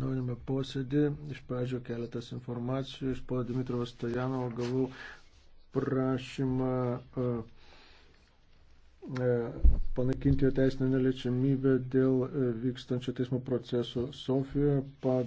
naujame posėdį. Iš pradžio keletas informacijų. Iš pono Dimitrovo Stojanovo gavau prašymą panaikinti jo teisinę neliečiamybę dėl vykstančio teismo proceso Sofijoje.